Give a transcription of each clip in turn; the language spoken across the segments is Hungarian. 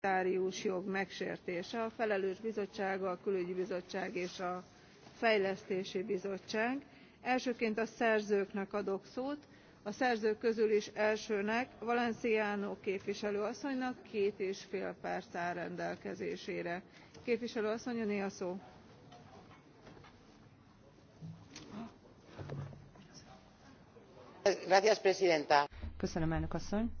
humanitárius jog megsértése. a felelős bizottság a külügyi bizottság és a fejlesztési bizottság. elsőként a szerzőknek adok szót a szerzők közül is elsőnek valenciano képviselő asszonynak két és fél perc áll rendelkezésére. képviselő asszony öné a szó. köszönöm elnök asszony!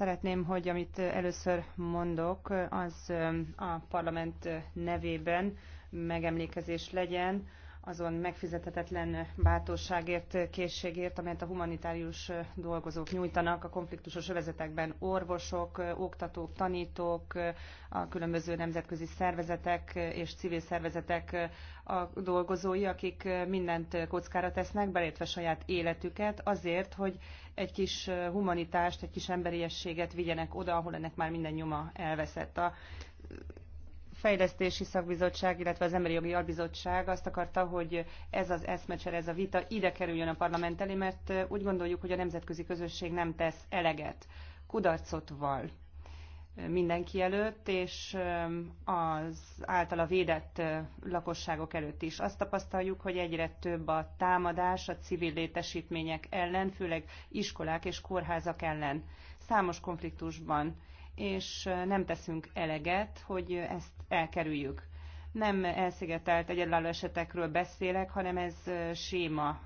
Szeretném, hogy amit először mondok, az a parlament nevében megemlékezés legyen azon megfizethetetlen bátorságért, készségért, amelyet a humanitárius dolgozók nyújtanak a konfliktusos övezetekben. Orvosok, oktatók, tanítók, a különböző nemzetközi szervezetek és civil szervezetek a dolgozói, akik mindent kockára tesznek, belétve saját életüket, azért, hogy egy kis humanitást, egy kis emberiességet vigyenek oda, ahol ennek már minden nyoma elveszett. A Fejlesztési Szakbizottság, illetve az Emberi Jogi Albizottság azt akarta, hogy ez az eszmecsere, ez a vita ide kerüljön a parlament elé, mert úgy gondoljuk, hogy a nemzetközi közösség nem tesz eleget. Kudarcot val mindenki előtt, és az általa védett lakosságok előtt is. Azt tapasztaljuk, hogy egyre több a támadás a civil létesítmények ellen, főleg iskolák és kórházak ellen. Számos konfliktusban és nem teszünk eleget, hogy ezt elkerüljük. Nem elszigetelt egyedülálló esetekről beszélek, hanem ez séma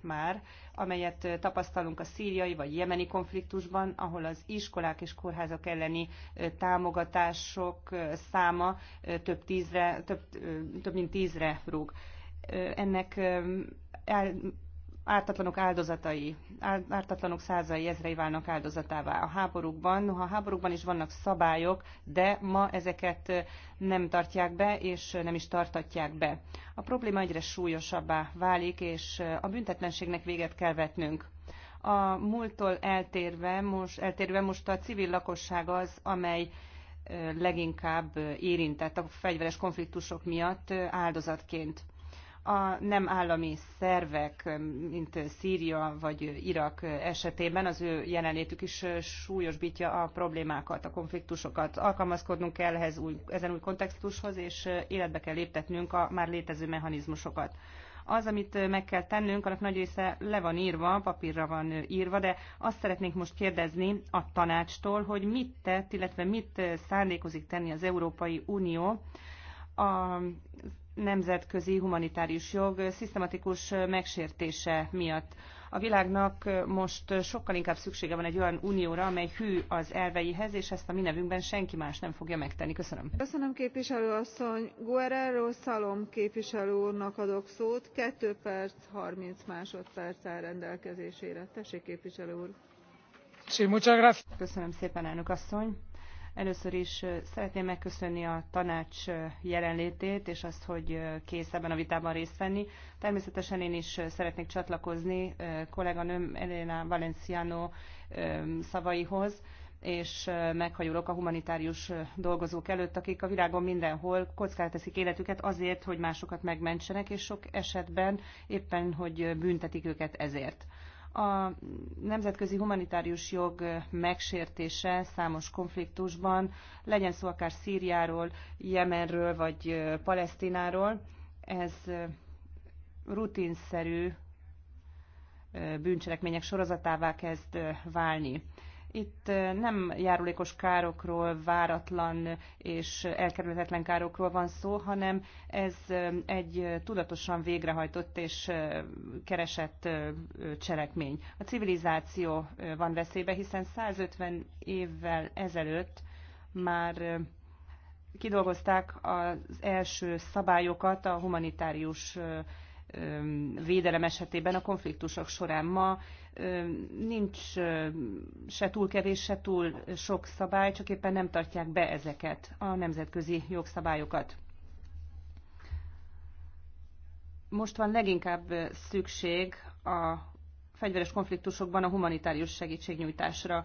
már, amelyet tapasztalunk a szíriai vagy jemeni konfliktusban, ahol az iskolák és kórházak elleni támogatások száma több, tízre, több, több mint tízre rúg. Ennek el, ártatlanok áldozatai, ártatlanok százai ezrei válnak áldozatává a háborúkban. Noha a háborúkban is vannak szabályok, de ma ezeket nem tartják be, és nem is tartatják be. A probléma egyre súlyosabbá válik, és a büntetlenségnek véget kell vetnünk. A múlttól eltérve most, eltérve most a civil lakosság az, amely leginkább érintett a fegyveres konfliktusok miatt áldozatként a nem állami szervek, mint Szíria vagy Irak esetében, az ő jelenlétük is súlyosbítja a problémákat, a konfliktusokat. Alkalmazkodnunk kell ehhez új, ezen új kontextushoz, és életbe kell léptetnünk a már létező mechanizmusokat. Az, amit meg kell tennünk, annak nagy része le van írva, papírra van írva, de azt szeretnénk most kérdezni a tanácstól, hogy mit tett, illetve mit szándékozik tenni az Európai Unió a nemzetközi humanitárius jog szisztematikus megsértése miatt. A világnak most sokkal inkább szüksége van egy olyan unióra, amely hű az elveihez, és ezt a mi nevünkben senki más nem fogja megtenni. Köszönöm. Köszönöm képviselőasszony Guerrero Szalom képviselő úrnak adok szót. 2 perc 30 másodperc áll rendelkezésére. Tessék képviselő úr. Köszönöm szépen, elnök asszony Először is szeretném megköszönni a tanács jelenlétét, és azt, hogy kész ebben a vitában részt venni. Természetesen én is szeretnék csatlakozni kolléganőm Elena Valenciano szavaihoz, és meghagyolok a humanitárius dolgozók előtt, akik a világon mindenhol kockára teszik életüket azért, hogy másokat megmentsenek, és sok esetben éppen, hogy büntetik őket ezért. A nemzetközi humanitárius jog megsértése számos konfliktusban, legyen szó akár Szíriáról, Jemenről vagy Palesztináról, ez rutinszerű bűncselekmények sorozatává kezd válni. Itt nem járulékos károkról, váratlan és elkerülhetetlen károkról van szó, hanem ez egy tudatosan végrehajtott és keresett cselekmény. A civilizáció van veszélybe, hiszen 150 évvel ezelőtt már kidolgozták az első szabályokat a humanitárius védelem esetében a konfliktusok során. Ma nincs se túl kevés, se túl sok szabály, csak éppen nem tartják be ezeket a nemzetközi jogszabályokat. Most van leginkább szükség a fegyveres konfliktusokban a humanitárius segítségnyújtásra.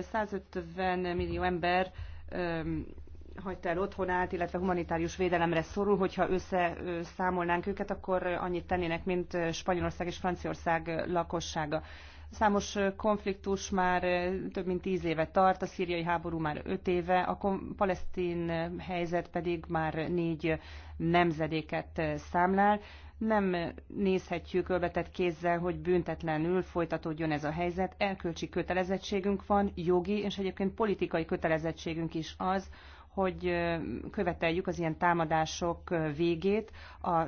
150 millió ember hagyta el otthonát, illetve humanitárius védelemre szorul, hogyha összeszámolnánk őket, akkor annyit tennének, mint Spanyolország és Franciaország lakossága. Számos konfliktus már több mint tíz éve tart, a szíriai háború már öt éve, a palesztin helyzet pedig már négy nemzedéket számlál. Nem nézhetjük ölbetett kézzel, hogy büntetlenül folytatódjon ez a helyzet. Elkölcsi kötelezettségünk van, jogi és egyébként politikai kötelezettségünk is az, hogy követeljük az ilyen támadások végét, az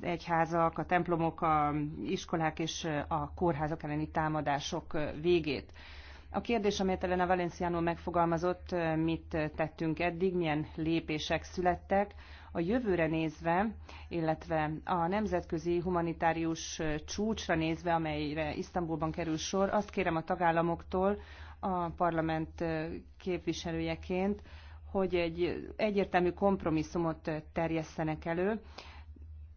egyházak, a templomok, a iskolák és a kórházak elleni támadások végét. A kérdés, amelyet Elena Valenciano megfogalmazott, mit tettünk eddig, milyen lépések születtek, a jövőre nézve, illetve a nemzetközi humanitárius csúcsra nézve, amelyre Isztambulban kerül sor, azt kérem a tagállamoktól, a parlament képviselőjeként, hogy egy egyértelmű kompromisszumot terjesszenek elő,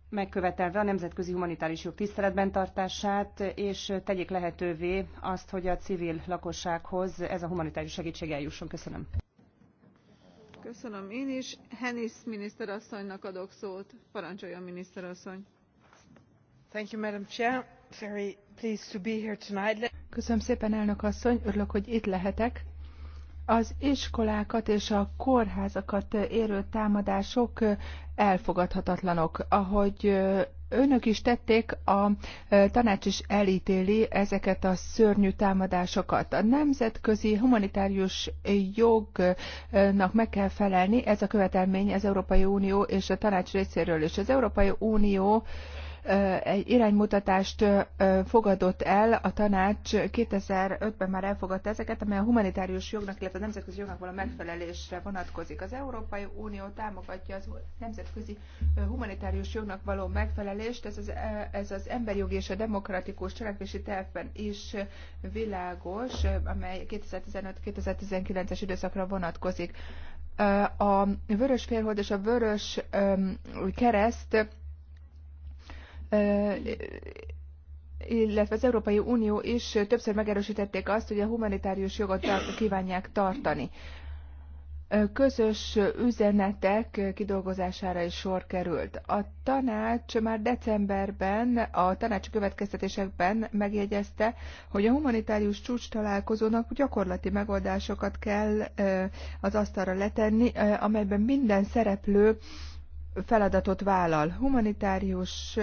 megkövetelve a nemzetközi humanitárius jog tiszteletben tartását, és tegyék lehetővé azt, hogy a civil lakossághoz ez a humanitárius segítség eljusson. Köszönöm. Köszönöm én is. Henis miniszterasszonynak adok szót. Parancsoljon, miniszterasszony. Thank you, Madam Chair Köszönöm szépen, elnök asszony, örülök, hogy itt lehetek. Az iskolákat és a kórházakat érő támadások elfogadhatatlanok. Ahogy önök is tették, a tanács is eltéli ezeket a szörnyű támadásokat. A nemzetközi humanitárius jognak meg kell felelni, ez a követelmény az Európai Unió és a tanács részéről is. Az Európai Unió egy iránymutatást fogadott el, a tanács 2005-ben már elfogadta ezeket, amely a humanitárius jognak, illetve a nemzetközi jognak való megfelelésre vonatkozik. Az Európai Unió támogatja az nemzetközi humanitárius jognak való megfelelést, ez az, ez az emberjogi és a demokratikus cselekvési tervben is világos, amely 2015-2019-es időszakra vonatkozik. A vörös férhold és a vörös kereszt illetve az Európai Unió is többször megerősítették azt, hogy a humanitárius jogot kívánják tartani. Közös üzenetek kidolgozására is sor került. A tanács már decemberben, a tanács következtetésekben megjegyezte, hogy a humanitárius csúcs találkozónak gyakorlati megoldásokat kell az asztalra letenni, amelyben minden szereplő feladatot vállal. Humanitárius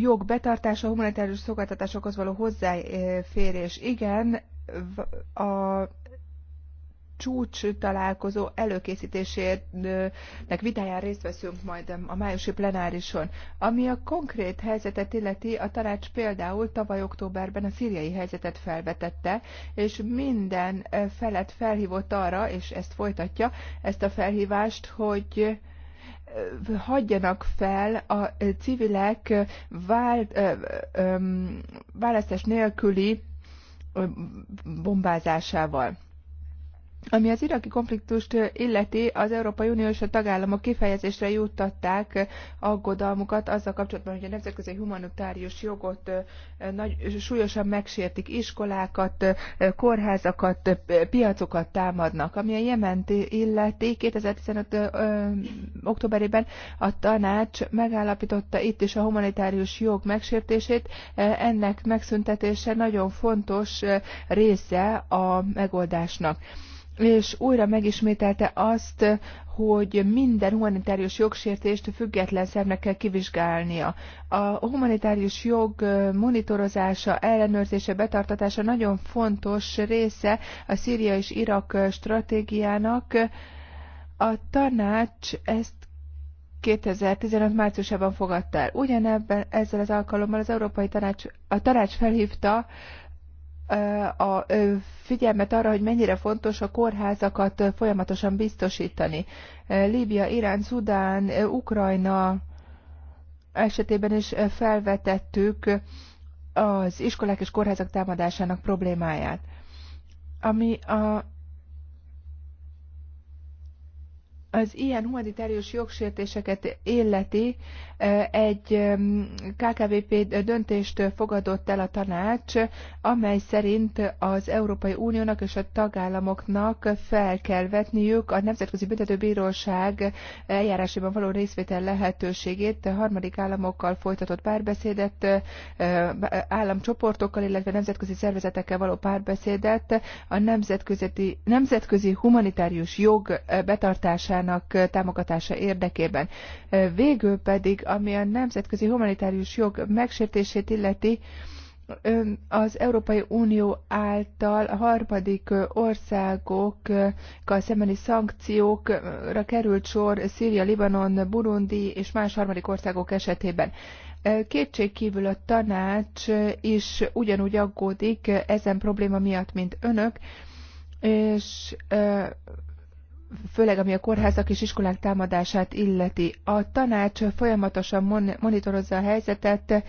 jog betartása, humanitárius szolgáltatásokhoz való hozzáférés. Igen, a csúcs találkozó előkészítésének vitáján részt veszünk majd a májusi plenárison. Ami a konkrét helyzetet illeti, a tanács például tavaly októberben a szíriai helyzetet felvetette, és minden felet felhívott arra, és ezt folytatja, ezt a felhívást, hogy hagyjanak fel a civilek vált, választás nélküli bombázásával. Ami az iraki konfliktust illeti, az Európai Unió és a tagállamok kifejezésre juttatták aggodalmukat azzal kapcsolatban, hogy a nemzetközi humanitárius jogot nagy, súlyosan megsértik, iskolákat, kórházakat, piacokat támadnak. Ami a Jement illeti, 2015. októberében a tanács megállapította itt is a humanitárius jog megsértését. Ennek megszüntetése nagyon fontos része a megoldásnak és újra megismételte azt, hogy minden humanitárius jogsértést független szemnek kell kivizsgálnia. A humanitárius jog monitorozása, ellenőrzése, betartatása nagyon fontos része a Szíria és Irak stratégiának. A tanács ezt 2015 márciusában fogadta el. Ugyanebben ezzel az alkalommal az Európai Tanács, a tanács felhívta a figyelmet arra, hogy mennyire fontos a kórházakat folyamatosan biztosítani. Líbia, Irán, Szudán, Ukrajna esetében is felvetettük az iskolák és kórházak támadásának problémáját. Ami a az ilyen humanitárius jogsértéseket illeti egy KKVP döntést fogadott el a tanács, amely szerint az Európai Uniónak és a tagállamoknak fel kell vetniük a Nemzetközi Büntetőbíróság eljárásában való részvétel lehetőségét, harmadik államokkal folytatott párbeszédet, államcsoportokkal, illetve nemzetközi szervezetekkel való párbeszédet a nemzetközi, nemzetközi humanitárius jog betartására munkájának támogatása érdekében. Végül pedig, ami a nemzetközi humanitárius jog megsértését illeti, az Európai Unió által a harmadik országokkal szembeni szankciókra került sor Szíria, Libanon, Burundi és más harmadik országok esetében. Kétség kívül a tanács is ugyanúgy aggódik ezen probléma miatt, mint önök, és főleg ami a kórházak és iskolák támadását illeti. A tanács folyamatosan monitorozza a helyzetet,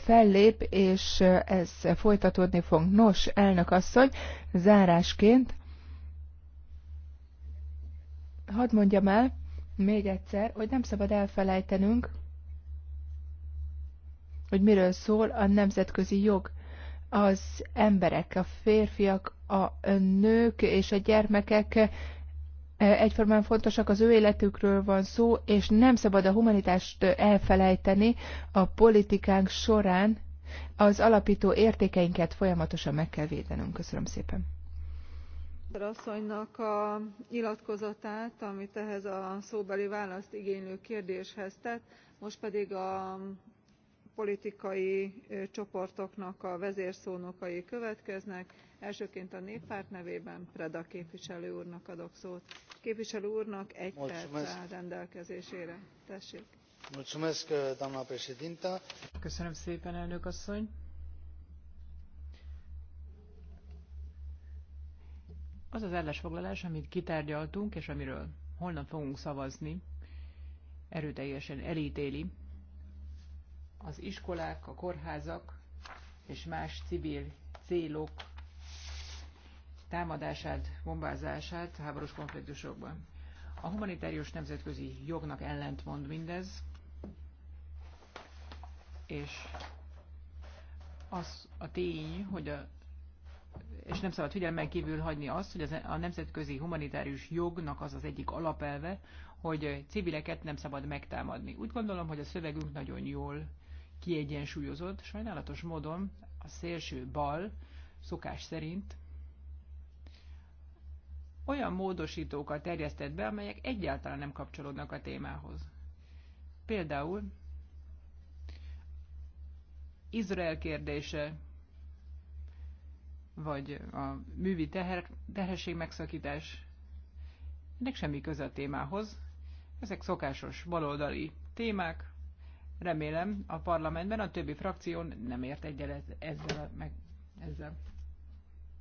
fellép, és ez folytatódni fog. Nos, elnök asszony, zárásként hadd mondjam el még egyszer, hogy nem szabad elfelejtenünk, hogy miről szól a nemzetközi jog az emberek, a férfiak, a nők és a gyermekek egyformán fontosak, az ő életükről van szó, és nem szabad a humanitást elfelejteni a politikánk során, az alapító értékeinket folyamatosan meg kell védenünk. Köszönöm szépen. asszonynak a nyilatkozatát, amit ehhez a szóbeli választ igénylő kérdéshez tett, most pedig a politikai csoportoknak a vezérszónokai következnek elsőként a néppárt nevében preda képviselő úrnak adok szót. képviselő úrnak egy perc áll rendelkezésére. tessék. köszönöm szépen elnök asszony. az az ellesfoglalás amit kitárgyaltunk és amiről holnap fogunk szavazni erőteljesen elítéli az iskolák, a kórházak és más civil célok támadását, bombázását háborús konfliktusokban. A humanitárius nemzetközi jognak ellentmond mindez, és az a tény, hogy a, és nem szabad figyelmen kívül hagyni azt, hogy az, e- a nemzetközi humanitárius jognak az az egyik alapelve, hogy civileket nem szabad megtámadni. Úgy gondolom, hogy a szövegünk nagyon jól kiegyensúlyozott. Sajnálatos módon a szélső bal szokás szerint olyan módosítókat terjesztett be, amelyek egyáltalán nem kapcsolódnak a témához. Például Izrael kérdése, vagy a művi teher, terhesség megszakítás, ennek semmi köze a témához. Ezek szokásos baloldali témák, Remélem a parlamentben a többi frakción nem ért egyet ezzel, meg ezzel.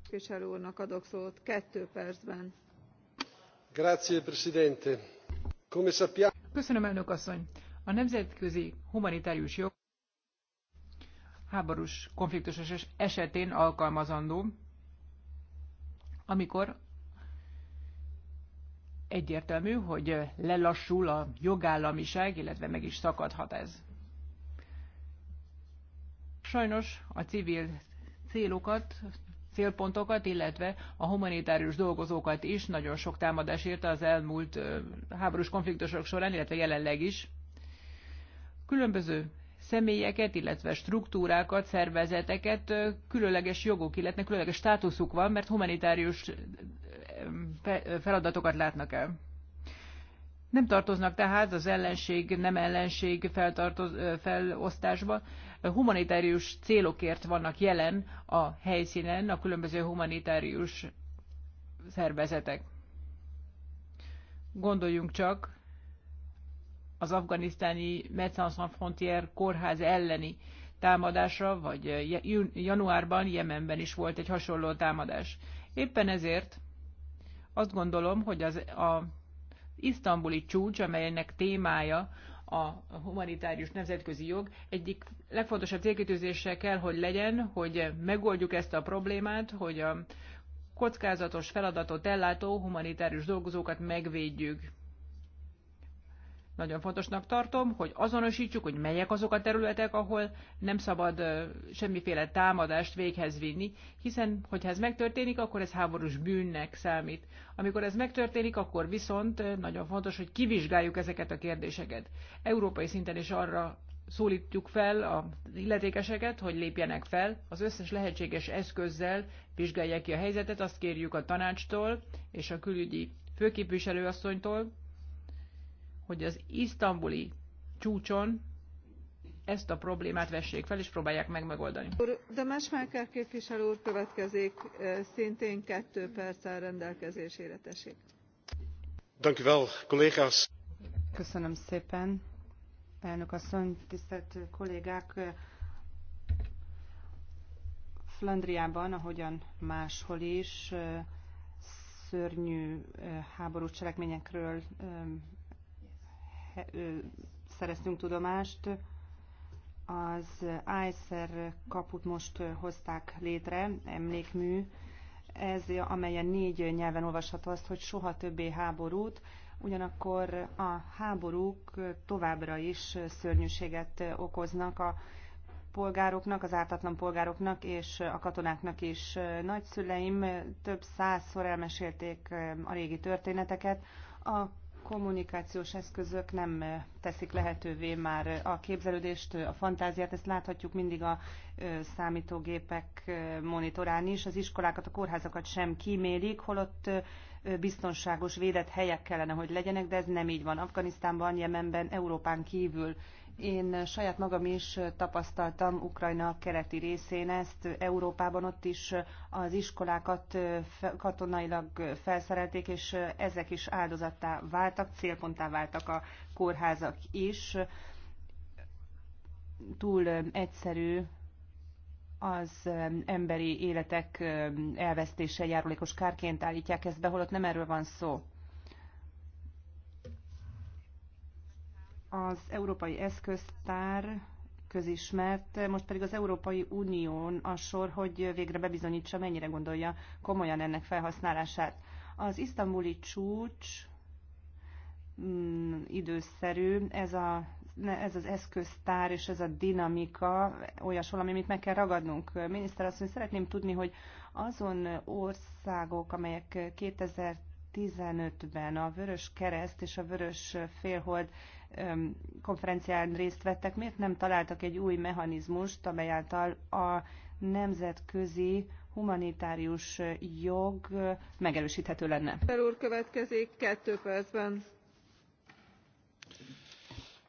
Képviselő úrnak adok szót kettő percben. Grazie, Presidente. Come sappiamo... Köszönöm, elnök asszony. A nemzetközi humanitárius jog háborús konfliktusos esetén alkalmazandó, amikor egyértelmű, hogy lelassul a jogállamiság, illetve meg is szakadhat ez. Sajnos a civil célokat, célpontokat, illetve a humanitárius dolgozókat is nagyon sok támadás érte az elmúlt háborús konfliktusok során, illetve jelenleg is. Különböző személyeket, illetve struktúrákat, szervezeteket különleges jogok, illetve különleges státuszuk van, mert humanitárius feladatokat látnak el. Nem tartoznak tehát az ellenség, nem ellenség feltartoz, felosztásba. Humanitárius célokért vannak jelen a helyszínen a különböző humanitárius szervezetek. Gondoljunk csak az afganisztáni Médecins Sans Frontières kórház elleni támadásra, vagy januárban Jemenben is volt egy hasonló támadás. Éppen ezért azt gondolom, hogy az a isztambuli csúcs, amelynek témája a humanitárius nemzetközi jog, egyik legfontosabb célkitűzése kell, hogy legyen, hogy megoldjuk ezt a problémát, hogy a kockázatos feladatot ellátó humanitárius dolgozókat megvédjük. Nagyon fontosnak tartom, hogy azonosítsuk, hogy melyek azok a területek, ahol nem szabad semmiféle támadást véghez vinni, hiszen hogyha ez megtörténik, akkor ez háborús bűnnek számít. Amikor ez megtörténik, akkor viszont nagyon fontos, hogy kivizsgáljuk ezeket a kérdéseket. Európai szinten is arra szólítjuk fel az illetékeseket, hogy lépjenek fel, az összes lehetséges eszközzel vizsgálják ki a helyzetet, azt kérjük a tanácstól és a külügyi főképviselőasszonytól, hogy az isztambuli csúcson ezt a problémát vessék fel, és próbálják meg megoldani. De Mesmáker képviselő úr következik, szintén kettő perccel rendelkezésére tessék. Köszönöm szépen, elnök asszony, tisztelt kollégák. Flandriában, ahogyan máshol is, szörnyű háború cselekményekről szereztünk tudomást, az ICER kaput most hozták létre, emlékmű, ez, amelyen négy nyelven olvasható azt, hogy soha többé háborút, ugyanakkor a háborúk továbbra is szörnyűséget okoznak a polgároknak, az ártatlan polgároknak és a katonáknak is. Nagyszüleim több százszor elmesélték a régi történeteket, a kommunikációs eszközök nem eh, teszik lehetővé már eh, a képzelődést, eh, a fantáziát, ezt láthatjuk mindig a számítógépek monitorán is. Az iskolákat, a kórházakat sem kímélik, holott biztonságos, védett helyek kellene, hogy legyenek, de ez nem így van. Afganisztánban, Jemenben, Európán kívül én saját magam is tapasztaltam Ukrajna keleti részén ezt. Európában ott is az iskolákat katonailag felszerelték, és ezek is áldozattá váltak, célponttá váltak a kórházak is. Túl egyszerű az emberi életek elvesztése járulékos kárként állítják ezt be, holott nem erről van szó az Európai Eszköztár közismert, most pedig az Európai Unión a sor, hogy végre bebizonyítsa, mennyire gondolja komolyan ennek felhasználását. Az isztambuli csúcs mm, időszerű, ez, a, ez az eszköztár és ez a dinamika olyas valami, amit meg kell ragadnunk. Miniszter azt mondja, szeretném tudni, hogy azon országok, amelyek 2015-ben a Vörös Kereszt és a Vörös Félhold konferencián részt vettek, miért nem találtak egy új mechanizmust, amely által a nemzetközi humanitárius jog megerősíthető lenne? Úr következik kettő percben.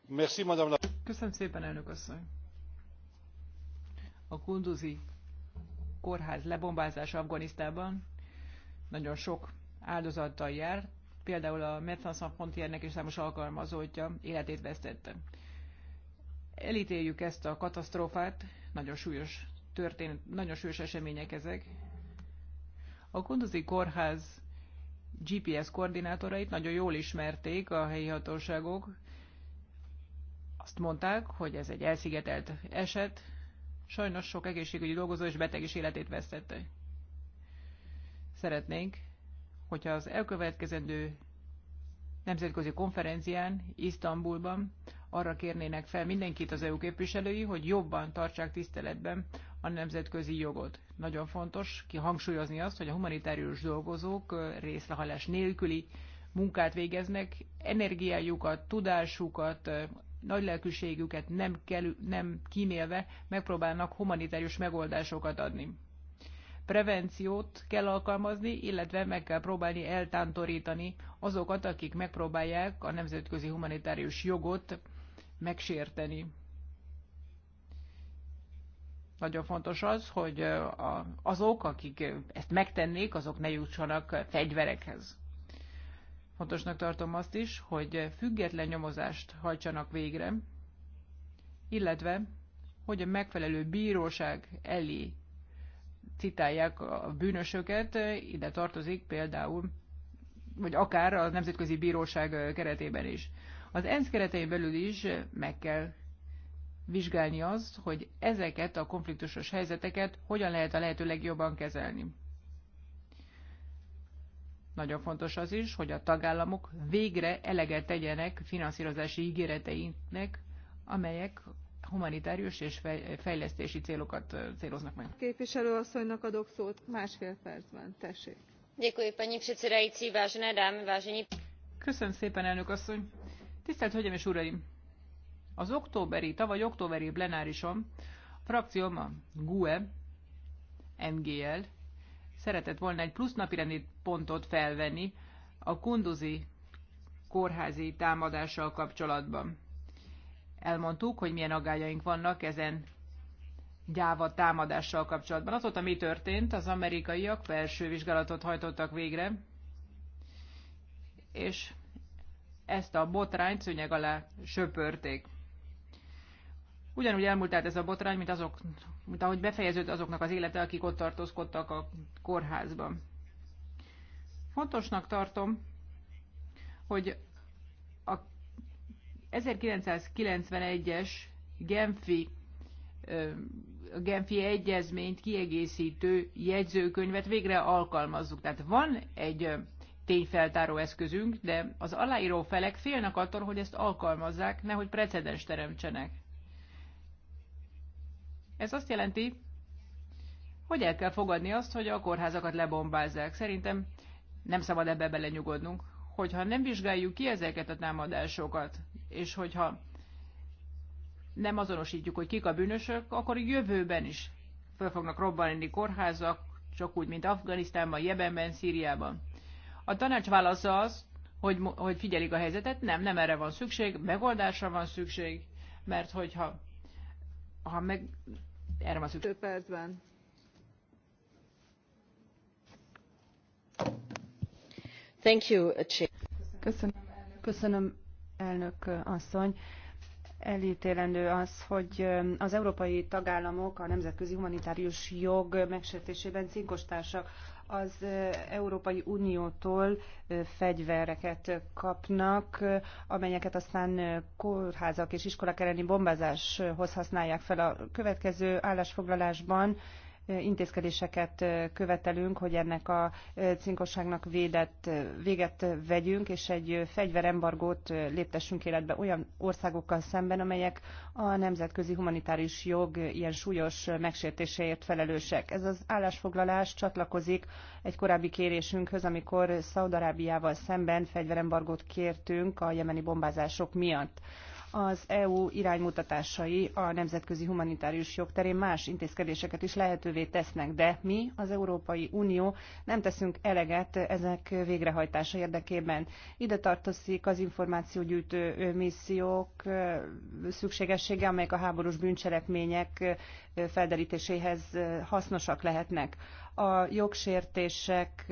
Merci, madame Köszönöm szépen, elnök asszony. A kunduzi kórház lebombázása Afganisztában nagyon sok áldozattal járt, például a Médecins Sans és számos alkalmazottja életét vesztette. Elítéljük ezt a katasztrófát, nagyon súlyos, történet, nagyon súlyos események ezek. A Kunduzi Kórház GPS koordinátorait nagyon jól ismerték a helyi hatóságok. Azt mondták, hogy ez egy elszigetelt eset. Sajnos sok egészségügyi dolgozó és beteg is életét vesztette. Szeretnénk hogyha az elkövetkezendő nemzetközi konferencián, Isztambulban arra kérnének fel mindenkit az EU képviselői, hogy jobban tartsák tiszteletben a nemzetközi jogot. Nagyon fontos kihangsúlyozni azt, hogy a humanitárius dolgozók részlehalás nélküli munkát végeznek, energiájukat, tudásukat, nagy lelkűségüket nem, kell, nem kímélve megpróbálnak humanitárius megoldásokat adni prevenciót kell alkalmazni, illetve meg kell próbálni eltántorítani azokat, akik megpróbálják a nemzetközi humanitárius jogot megsérteni. Nagyon fontos az, hogy azok, akik ezt megtennék, azok ne jutsanak fegyverekhez. Fontosnak tartom azt is, hogy független nyomozást hajtsanak végre, illetve hogy a megfelelő bíróság elé citálják a bűnösöket, ide tartozik például, vagy akár a Nemzetközi Bíróság keretében is. Az ENSZ keretein belül is meg kell vizsgálni azt, hogy ezeket a konfliktusos helyzeteket hogyan lehet a lehető legjobban kezelni. Nagyon fontos az is, hogy a tagállamok végre eleget tegyenek finanszírozási ígéreteinek, amelyek humanitárius és fejlesztési célokat céloznak meg. Képviselő asszonynak adok szót másfél percben. Tessék. Köszönöm szépen, elnök asszony. Tisztelt Hölgyeim és Uraim! Az októberi, tavaly októberi plenárison a frakcióm a GUE, MGL, szeretett volna egy plusz napirendi pontot felvenni a kunduzi kórházi támadással kapcsolatban elmondtuk, hogy milyen aggájaink vannak ezen gyáva támadással kapcsolatban. Azóta mi történt? Az amerikaiak felső vizsgálatot hajtottak végre, és ezt a botrányt szőnyeg alá söpörték. Ugyanúgy elmúlt át ez a botrány, mint, azok, mint ahogy befejeződött azoknak az élete, akik ott tartózkodtak a kórházban. Fontosnak tartom, hogy 1991-es Genfi a Genfi egyezményt kiegészítő jegyzőkönyvet végre alkalmazzuk. Tehát van egy tényfeltáró eszközünk, de az aláíró felek félnek attól, hogy ezt alkalmazzák, nehogy precedens teremtsenek. Ez azt jelenti, hogy el kell fogadni azt, hogy a kórházakat lebombázzák. Szerintem nem szabad ebbe belenyugodnunk, hogyha nem vizsgáljuk ki ezeket a támadásokat, és hogyha nem azonosítjuk, hogy kik a bűnösök, akkor jövőben is fel fognak robbanni kórházak, csak úgy, mint Afganisztánban, Jebenben, Szíriában. A tanács válasza az, hogy, hogy figyelik a helyzetet, nem, nem erre van szükség, megoldásra van szükség, mert hogyha ha meg, erre van szükség. percben. Thank you, Köszönöm, Köszönöm elnök asszony. Elítélendő az, hogy az európai tagállamok a nemzetközi humanitárius jog megsértésében cinkostársak az Európai Uniótól fegyvereket kapnak, amelyeket aztán kórházak és iskolák elleni bombázáshoz használják fel a következő állásfoglalásban intézkedéseket követelünk, hogy ennek a cinkosságnak védett, véget vegyünk, és egy fegyverembargót léptessünk életbe olyan országokkal szemben, amelyek a nemzetközi humanitárius jog ilyen súlyos megsértéséért felelősek. Ez az állásfoglalás csatlakozik egy korábbi kérésünkhöz, amikor Szaudarábiával szemben fegyverembargót kértünk a jemeni bombázások miatt az EU iránymutatásai a nemzetközi humanitárius jog terén más intézkedéseket is lehetővé tesznek, de mi, az Európai Unió nem teszünk eleget ezek végrehajtása érdekében. Ide tartozik az információgyűjtő missziók szükségessége, amelyek a háborús bűncselekmények felderítéséhez hasznosak lehetnek. A jogsértések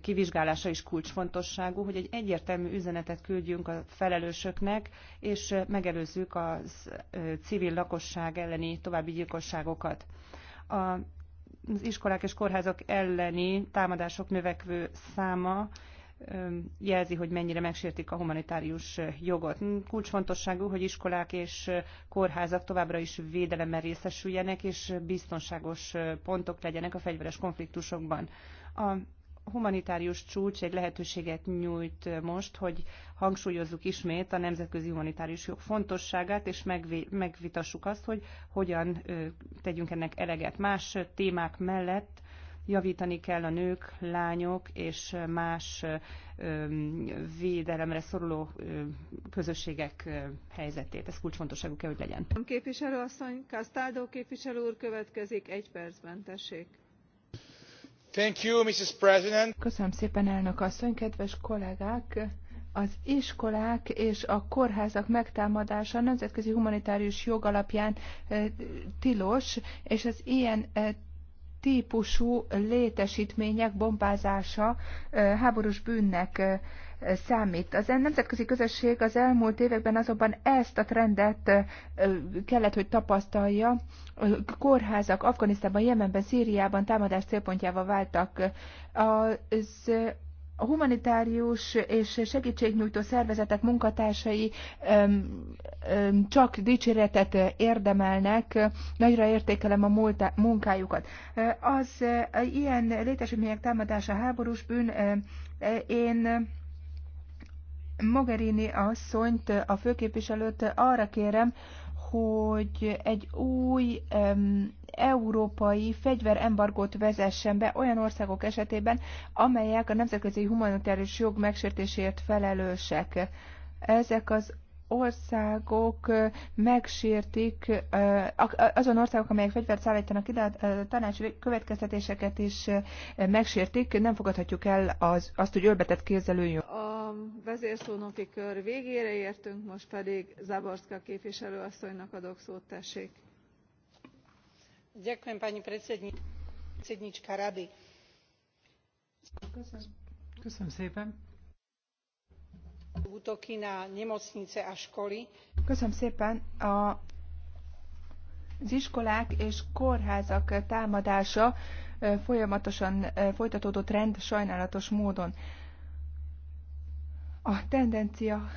kivizsgálása is kulcsfontosságú, hogy egy egyértelmű üzenetet küldjünk a felelősöknek, és megelőzzük a civil lakosság elleni további gyilkosságokat. A az iskolák és kórházak elleni támadások növekvő száma jelzi, hogy mennyire megsértik a humanitárius jogot. Kulcsfontosságú, hogy iskolák és kórházak továbbra is védelemmel részesüljenek, és biztonságos pontok legyenek a fegyveres konfliktusokban. A humanitárius csúcs egy lehetőséget nyújt most, hogy hangsúlyozzuk ismét a nemzetközi humanitárius jog fontosságát, és megvitassuk azt, hogy hogyan tegyünk ennek eleget. Más témák mellett javítani kell a nők, lányok és más védelemre szoruló közösségek helyzetét. Ez kulcsfontosságú kell, hogy legyen. Képviselőasszony, Castaldo képviselő úr következik egy percben, tessék. Thank you, Mrs. President. Köszönöm szépen, elnök asszony, kedves kollégák! Az iskolák és a kórházak megtámadása a nemzetközi humanitárius jog alapján tilos, és az ilyen típusú létesítmények bombázása háborús bűnnek számít. Az nemzetközi közösség az elmúlt években azonban ezt a trendet kellett, hogy tapasztalja. kórházak Afganisztánban, Jemenben, Szíriában támadás célpontjával váltak. Az a humanitárius és segítségnyújtó szervezetek munkatársai csak dicséretet érdemelnek, nagyra értékelem a munkájukat. Az ilyen létesítmények támadása háborús bűn, én Mogherini asszonyt, a főképviselőt arra kérem, hogy egy új um, európai fegyverembargót vezessen be olyan országok esetében, amelyek a nemzetközi humanitárius jog megsértéséért felelősek. Ezek az országok megsértik, azon országok, amelyek fegyvert szállítanak ide, a tanács következtetéseket is megsértik, nem fogadhatjuk el az, azt, hogy ölbetett kézzel üljön. A vezérszónoki kör végére értünk, most pedig Zaborszka képviselőasszonynak adok szót, tessék. Köszönöm, pani Köszönöm. Köszönöm szépen útoky na nemocnice a školy. Köszönöm szépen. A, az iskolák és kórházak támadása folyamatosan folytatódó trend sajnálatos módon. A tendencia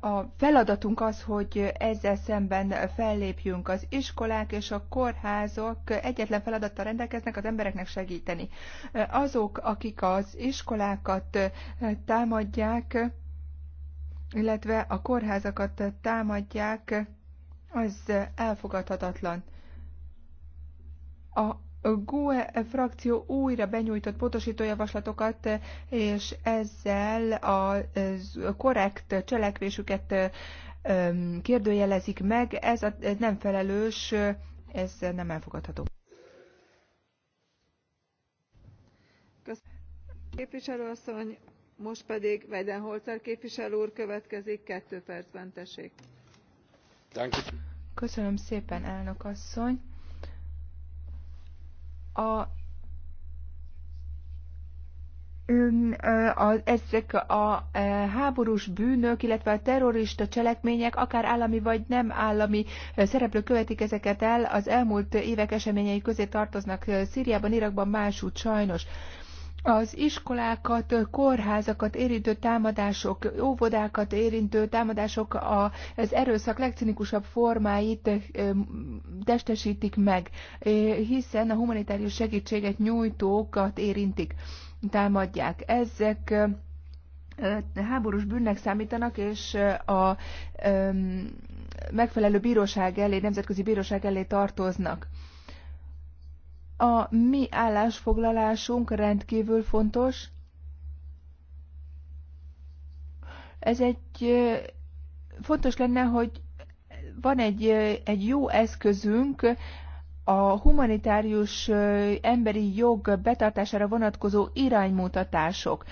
a feladatunk az, hogy ezzel szemben fellépjünk. Az iskolák és a kórházok egyetlen feladattal rendelkeznek az embereknek segíteni. Azok, akik az iskolákat támadják, illetve a kórházakat támadják, az elfogadhatatlan. A GUE frakció újra benyújtott pontosító javaslatokat, és ezzel a korrekt cselekvésüket kérdőjelezik meg. Ez a nem felelős, ez nem elfogadható. Köszönöm. Képviselőasszony, most pedig Weidenholzer képviselő úr következik, kettő percben tessék. Köszönöm szépen, elnök asszony a ezek a e, háborús bűnök, illetve a terrorista cselekmények, akár állami vagy nem állami e, szereplők követik ezeket el, az elmúlt évek eseményei közé tartoznak e, Szíriában, Irakban, másút sajnos az iskolákat, kórházakat érintő támadások, óvodákat érintő támadások az erőszak legcinikusabb formáit testesítik meg, hiszen a humanitárius segítséget nyújtókat érintik, támadják. Ezek háborús bűnnek számítanak, és a megfelelő bíróság elé, nemzetközi bíróság elé tartoznak. A mi állásfoglalásunk rendkívül fontos. Ez egy fontos lenne, hogy van egy, egy jó eszközünk, a humanitárius emberi jog betartására vonatkozó iránymutatások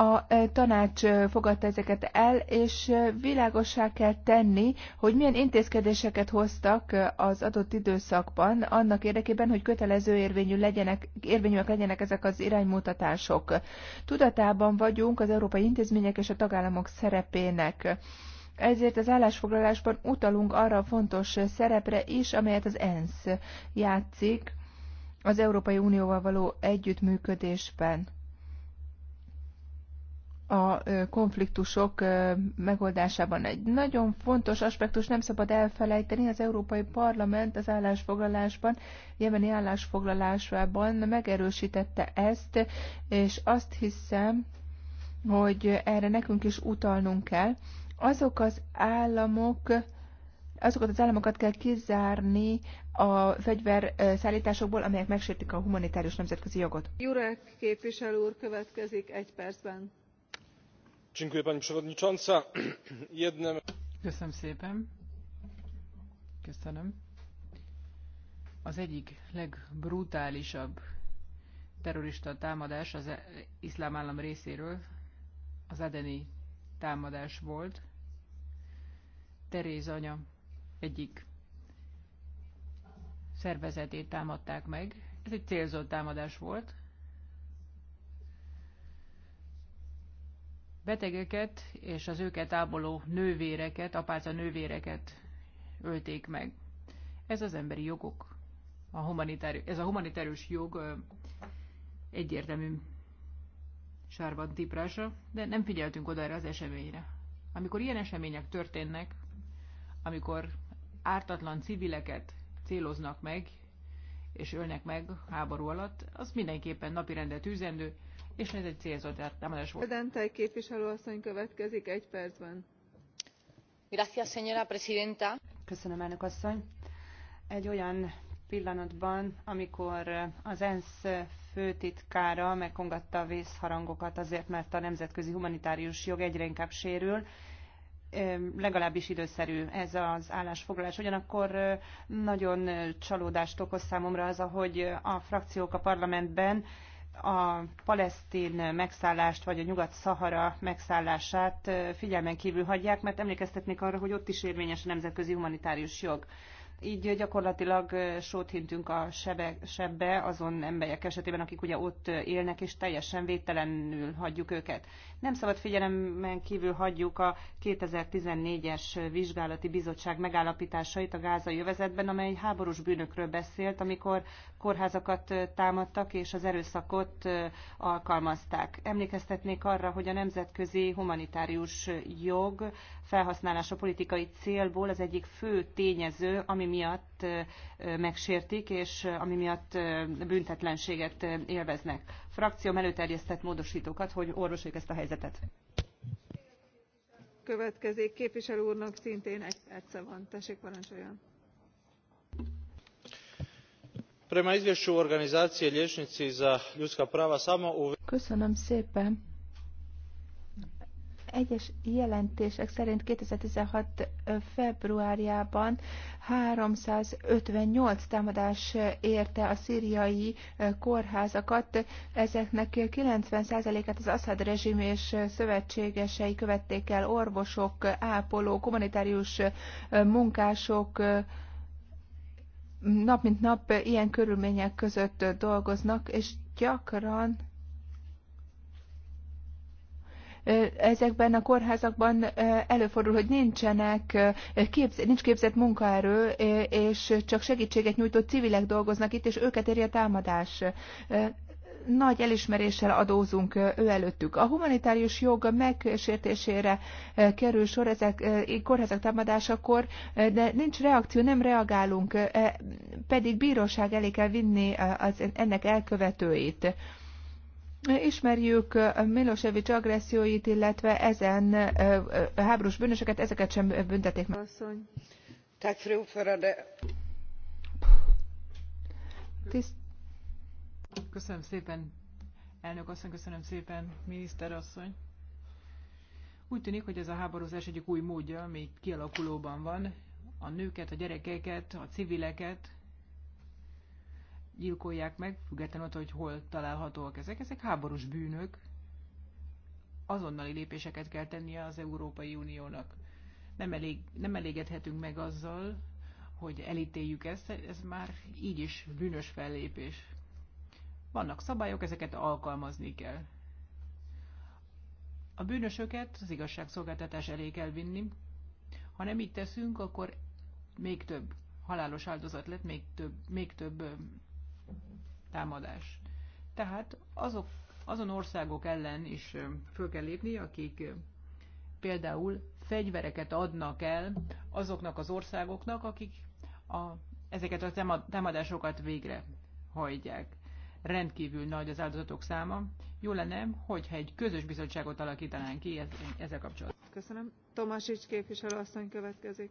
a e, tanács e, fogadta ezeket el, és e, világossá kell tenni, hogy milyen intézkedéseket hoztak az adott időszakban annak érdekében, hogy kötelező érvényű legyenek, érvényűek legyenek ezek az iránymutatások. Tudatában vagyunk az európai intézmények és a tagállamok szerepének. Ezért az állásfoglalásban utalunk arra a fontos szerepre is, amelyet az ENSZ játszik az Európai Unióval való együttműködésben a konfliktusok megoldásában. Egy nagyon fontos aspektus nem szabad elfelejteni, az Európai Parlament az állásfoglalásban, jemeni állásfoglalásában megerősítette ezt, és azt hiszem, hogy erre nekünk is utalnunk kell. Azok az államok, azokat az államokat kell kizárni a fegyverszállításokból, amelyek megsértik a humanitárius nemzetközi jogot. Jurek képviselő úr következik egy percben pani przewodnicząca! az egyik legbrutálisabb támadás az iszlám állam részéről az adeni támadás volt. Teréz anya egyik szervezetét támadták meg. Ez egy célzott támadás volt, betegeket és az őket ápoló nővéreket, apáca nővéreket ölték meg. Ez az emberi jogok, a ez a humanitárius jog egyértelmű sárban típrása, de nem figyeltünk oda erre az eseményre. Amikor ilyen események történnek, amikor ártatlan civileket céloznak meg, és ölnek meg háború alatt, az mindenképpen napirendet üzendő, és ez egy célzott támadás volt. Dantei képviselőasszony következik egy percben. Gracias, señora presidenta. Köszönöm, elnök asszony. Egy olyan pillanatban, amikor az ENSZ főtitkára megkongatta a vészharangokat azért, mert a nemzetközi humanitárius jog egyre inkább sérül, legalábbis időszerű ez az állásfoglalás. Ugyanakkor nagyon csalódást okoz számomra az, ahogy a frakciók a parlamentben a palesztin megszállást, vagy a Nyugat-Szahara megszállását figyelmen kívül hagyják, mert emlékeztetnék arra, hogy ott is érvényes a nemzetközi humanitárius jog. Így gyakorlatilag sót hintünk a sebe, sebbe azon emberek esetében, akik ugye ott élnek, és teljesen védtelenül hagyjuk őket. Nem szabad figyelemmel kívül hagyjuk a 2014-es vizsgálati bizottság megállapításait a gázai övezetben, amely háborús bűnökről beszélt, amikor kórházakat támadtak és az erőszakot alkalmazták. Emlékeztetnék arra, hogy a nemzetközi humanitárius jog felhasználása politikai célból az egyik fő tényező, ami miatt megsértik és ami miatt büntetlenséget élveznek. Frakcióm előterjesztett módosítókat, hogy orvosoljuk ezt a helyzetet következik képviselő úrnak szintén egy perce van tessék parancsoljon! prema izvjeu organizacije lijenici za ljudska prava samo u. köszönöm szépen egyes jelentések szerint 2016. februárjában 358 támadás érte a szíriai kórházakat. Ezeknek 90%-át az Assad rezsim és szövetségesei követték el orvosok, ápolók, humanitárius munkások, nap mint nap ilyen körülmények között dolgoznak, és gyakran ezekben a kórházakban előfordul, hogy nincsenek képz, nincs képzett munkaerő, és csak segítséget nyújtó civilek dolgoznak itt, és őket érje a támadás nagy elismeréssel adózunk ő előttük. A humanitárius jog megsértésére kerül sor ezek kórházak támadásakor, de nincs reakció, nem reagálunk, e, pedig bíróság elé kell vinni az, ennek elkövetőit. Ismerjük Milosevic agresszióit, illetve ezen háborús bűnöseket. ezeket sem büntetik meg. Tiszt- Köszönöm szépen, elnök asszony, köszönöm szépen, miniszter asszony. Úgy tűnik, hogy ez a háborúzás egyik új módja, ami kialakulóban van. A nőket, a gyerekeket, a civileket gyilkolják meg, függetlenül attól, hogy hol találhatóak ezek. Ezek háborús bűnök. Azonnali lépéseket kell tennie az Európai Uniónak. Nem, elég, nem elégedhetünk meg azzal, hogy elítéljük ezt, ez már így is bűnös fellépés. Vannak szabályok, ezeket alkalmazni kell. A bűnösöket az igazságszolgáltatás elé kell vinni. Ha nem így teszünk, akkor még több halálos áldozat lett, még több, még több támadás. Tehát azok, azon országok ellen is föl kell lépni, akik például fegyvereket adnak el azoknak az országoknak, akik a, ezeket a támadásokat végre hajtják rendkívül nagy az áldozatok száma. Jó lenne, hogyha egy közös bizottságot alakítanánk ki ezzel kapcsolatban. Köszönöm. Tomásics képviselő asszony következik.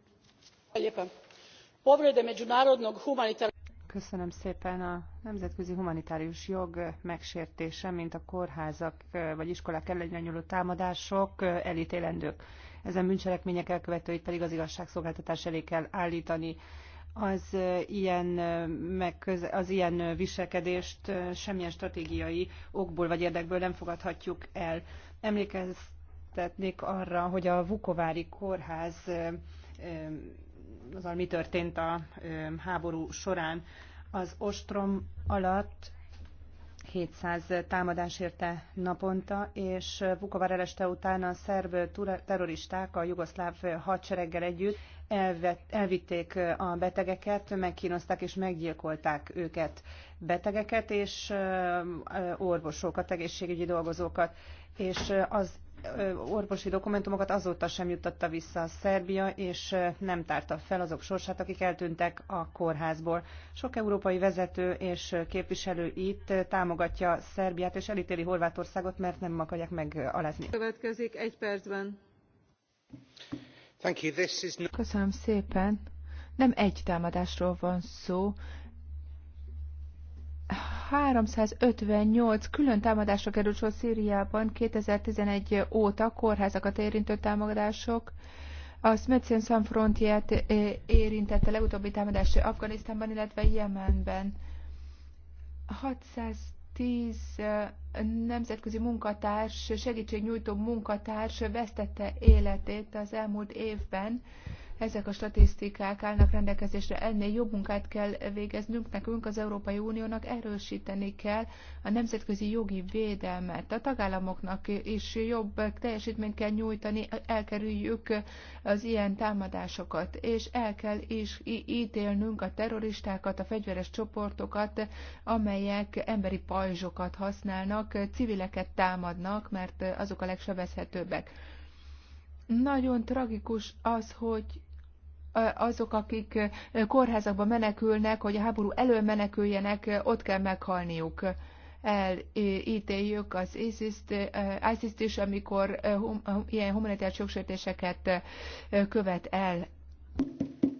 Köszönöm szépen. A nemzetközi humanitárius jog megsértése, mint a kórházak vagy iskolák ellen nyúló támadások elítélendők. Ezen bűncselekmények elkövetőit pedig az igazságszolgáltatás elé kell állítani az ilyen, megköz, az ilyen viselkedést semmilyen stratégiai okból vagy érdekből nem fogadhatjuk el. Emlékeztetnék arra, hogy a Vukovári Kórház azzal mi történt a háború során. Az ostrom alatt 700 támadás érte naponta, és Vukovar eleste után a szerb terroristák a jugoszláv hadsereggel együtt elvet, elvitték a betegeket, megkínozták és meggyilkolták őket, betegeket és orvosokat, egészségügyi dolgozókat, és az orvosi dokumentumokat azóta sem juttatta vissza a Szerbia, és nem tárta fel azok sorsát, akik eltűntek a kórházból. Sok európai vezető és képviselő itt támogatja Szerbiát, és elítéli Horvátországot, mert nem akarják megalázni. Következik egy percben Köszönöm szépen. Nem egy támadásról van szó. 358 külön támadásra került sor Szíriában 2011 óta kórházakat érintő támadások. A Smetsen San Frontiert érintette legutóbbi támadás Afganisztánban, illetve Jemenben. 600 tíz nemzetközi munkatárs, segítségnyújtó munkatárs vesztette életét az elmúlt évben ezek a statisztikák állnak rendelkezésre, ennél jobb munkát kell végeznünk nekünk, az Európai Uniónak erősíteni kell a nemzetközi jogi védelmet. A tagállamoknak is jobb teljesítményt kell nyújtani, elkerüljük az ilyen támadásokat, és el kell is ítélnünk a terroristákat, a fegyveres csoportokat, amelyek emberi pajzsokat használnak, civileket támadnak, mert azok a legsebezhetőbbek. Nagyon tragikus az, hogy azok, akik kórházakba menekülnek, hogy a háború elől meneküljenek, ott kell meghalniuk. Elítéljük az ISIS-t, ISIS is, amikor ilyen humanitárs jogsértéseket követ el.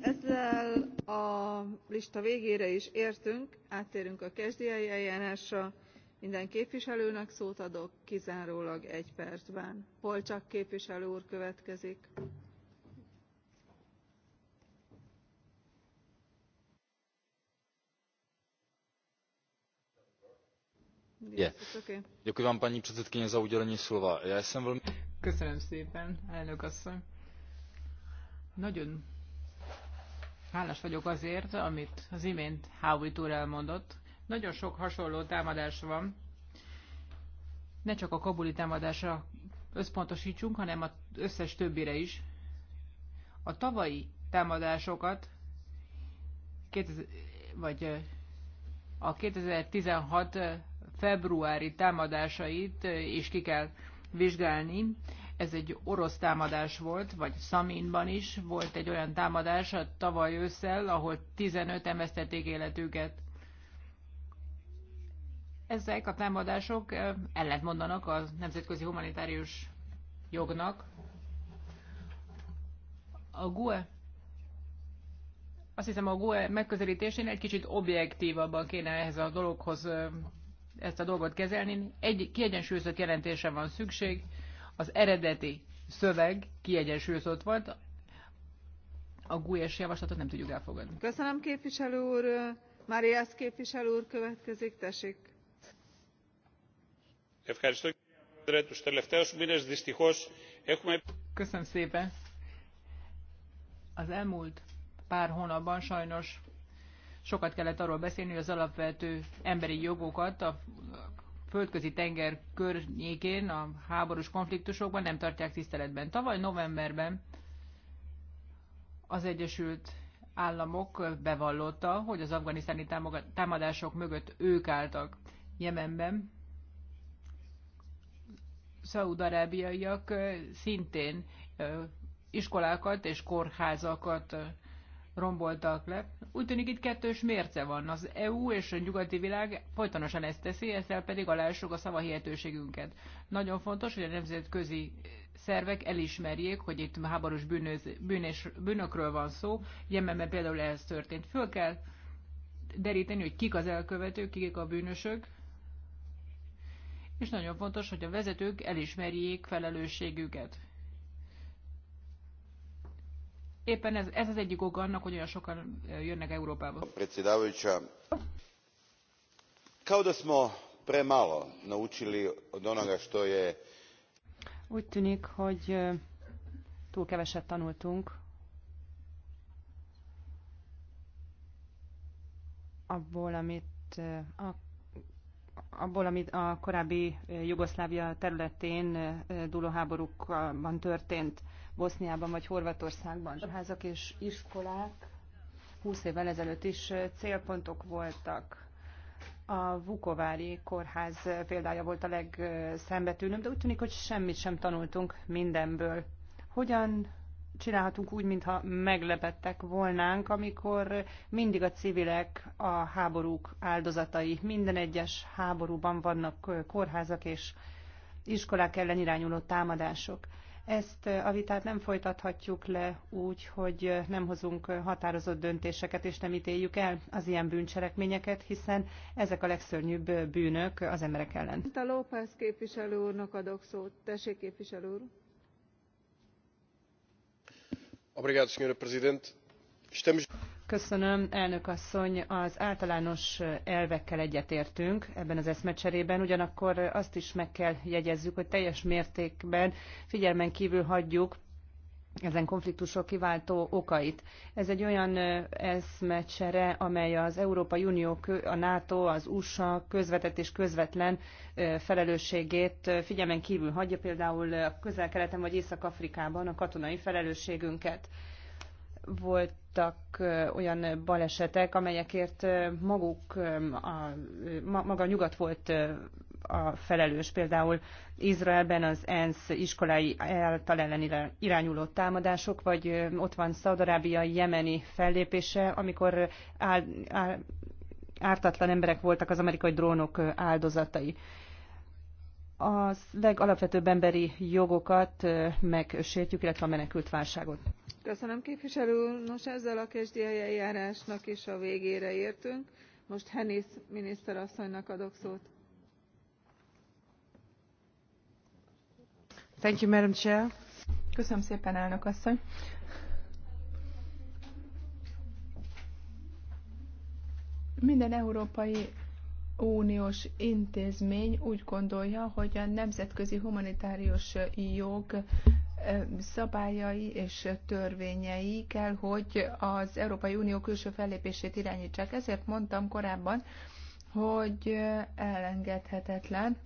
Ezzel a lista végére is értünk, áttérünk a kezdi eljárásra. Minden képviselőnek szót adok, kizárólag egy percben. Polcsak képviselő úr következik. paní předsedající já jsem velmi. köszönöm szépen elnök asszony nagyon hálás vagyok azért amit az imént Howie Tour elmondott nagyon sok hasonló támadás van ne csak a kabuli támadásra összpontosítsunk hanem az összes többire is a tavalyi támadásokat vagy a 2016 februári támadásait is eh, ki kell vizsgálni. Ez egy orosz támadás volt, vagy Szaminban is volt egy olyan támadás a tavaly ősszel, ahol 15 emesztették életüket. Ezek a támadások eh, mondanak a nemzetközi humanitárius jognak. A GUE azt hiszem a GUE megközelítésén egy kicsit objektívabban kéne ehhez a dologhoz eh, ezt a dolgot kezelni. Egy kiegyensúlyozott jelentése van szükség, az eredeti szöveg kiegyensúlyozott volt, a GUES javaslatot nem tudjuk elfogadni. Köszönöm képviselő úr. Máriász képviselő úr következik, tessék. Köszönöm szépen. Az elmúlt pár hónapban sajnos Sokat kellett arról beszélni, hogy az alapvető emberi jogokat a földközi tenger környékén a háborús konfliktusokban nem tartják tiszteletben. Tavaly novemberben az Egyesült Államok bevallotta, hogy az afganisztáni támadások mögött ők álltak Jemenben. Szaúd-arábiaiak szintén iskolákat és kórházakat romboltak le. Úgy tűnik itt kettős mérce van. Az EU és a nyugati világ folytonosan ezt teszi, ezzel pedig alássuk a szavahihetőségünket. Nagyon fontos, hogy a nemzetközi szervek elismerjék, hogy itt háborús bűnöz, bűnös, bűnökről van szó. Jemenben például ez történt. Föl kell deríteni, hogy kik az elkövetők, kik a bűnösök, és nagyon fontos, hogy a vezetők elismerjék felelősségüket éppen ez, ez az egyik oka annak, hogy olyan sokan jönnek Európába. Úgy tűnik, hogy túl keveset tanultunk abból, amit a abból, amit a korábbi Jugoszlávia területén háborúkban történt, Boszniában vagy Horvatországban. Házak és iskolák 20 évvel ezelőtt is célpontok voltak. A Vukovári kórház példája volt a legszembetűnőbb, de úgy tűnik, hogy semmit sem tanultunk mindenből. Hogyan csinálhatunk úgy, mintha meglepettek volnánk, amikor mindig a civilek a háborúk áldozatai. Minden egyes háborúban vannak kórházak és iskolák ellen irányuló támadások. Ezt a vitát nem folytathatjuk le úgy, hogy nem hozunk határozott döntéseket, és nem ítéljük el az ilyen bűncselekményeket, hiszen ezek a legszörnyűbb bűnök az emberek ellen. A López képviselő úrnak adok szót. Tessék, képviselő úr! Köszönöm, elnök asszony. Az általános elvekkel egyetértünk ebben az eszmecserében, ugyanakkor azt is meg kell jegyezzük, hogy teljes mértékben figyelmen kívül hagyjuk ezen konfliktusok kiváltó okait. Ez egy olyan eszmecsere, amely az Európai Unió, a NATO, az USA közvetett és közvetlen felelősségét figyelmen kívül hagyja, például közel-keleten vagy Észak-Afrikában a katonai felelősségünket voltak olyan balesetek, amelyekért maguk, a, maga a nyugat volt a felelős. Például Izraelben az ENSZ iskolai által ellen irányuló támadások, vagy ott van Szaudarábia jemeni fellépése, amikor áll, áll, ártatlan emberek voltak az amerikai drónok áldozatai az legalapvetőbb emberi jogokat megsértjük, illetve a menekült válságot. Köszönöm képviselő úr. Nos, ezzel a kezdi eljárásnak is a végére értünk. Most Henis miniszter adok szót. Thank you, Madam Chair. Köszönöm szépen, elnök asszony. Minden európai uniós intézmény úgy gondolja, hogy a nemzetközi humanitárius jog szabályai és törvényei kell, hogy az Európai Unió külső fellépését irányítsák. Ezért mondtam korábban, hogy elengedhetetlen,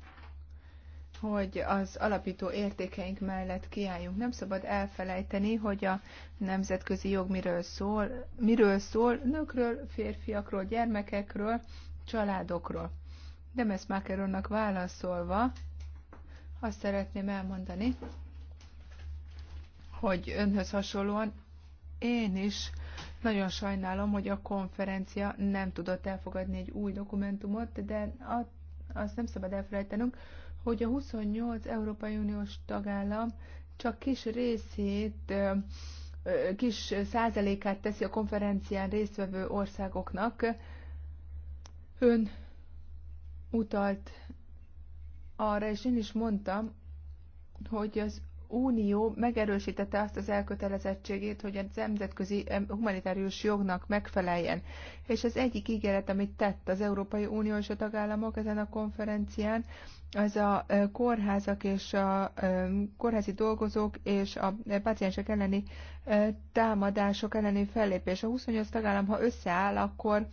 hogy az alapító értékeink mellett kiálljunk. Nem szabad elfelejteni, hogy a nemzetközi jog miről szól, miről szól nőkről, férfiakról, gyermekekről, családokról. Demes Mákeronnak válaszolva azt szeretném elmondani, hogy önhöz hasonlóan én is nagyon sajnálom, hogy a konferencia nem tudott elfogadni egy új dokumentumot, de azt nem szabad elfelejtenünk, hogy a 28 Európai Uniós tagállam csak kis részét, kis százalékát teszi a konferencián résztvevő országoknak, Ön utalt arra, és én is mondtam, hogy az Unió megerősítette azt az elkötelezettségét, hogy a nemzetközi humanitárius jognak megfeleljen. És az egyik ígéret, amit tett az Európai Unió és a tagállamok ezen a konferencián, az a kórházak és a kórházi dolgozók és a paciensek elleni támadások elleni fellépés. A 28 tagállam, ha összeáll, akkor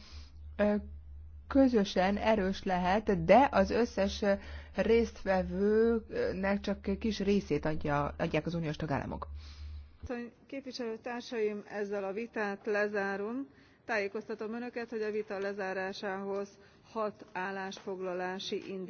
közösen erős lehet, de az összes résztvevőnek csak kis részét adja, adják az uniós tagállamok. Képviselőtársaim, ezzel a vitát lezárom. Tájékoztatom önöket, hogy a vita lezárásához hat állásfoglalási indít.